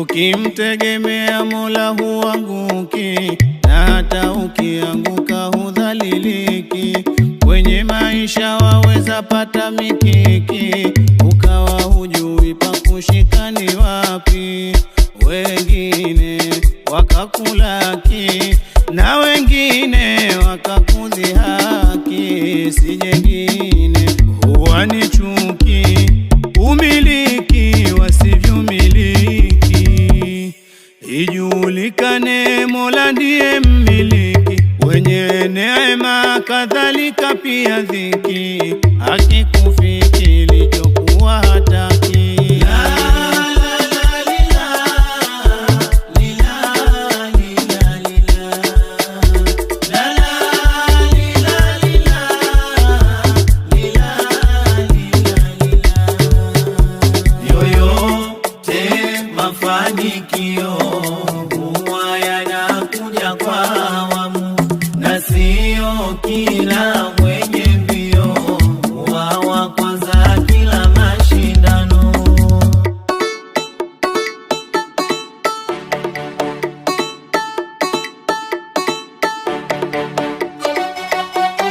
Ukimtegemea Mola huanguki, na hata ukianguka hudhaliliki. Kwenye maisha waweza pata mikiki, ukawa hujui pa kushika ni wapi. Wengine wakakulaki na wengine wakakudhihaki, sijengi ijulikane Mola ndiye mmiliki wenye neema, kadhalika pia dhiki ashikufi mafanikio huwa yanakuja kwa awamu na sio kila mwe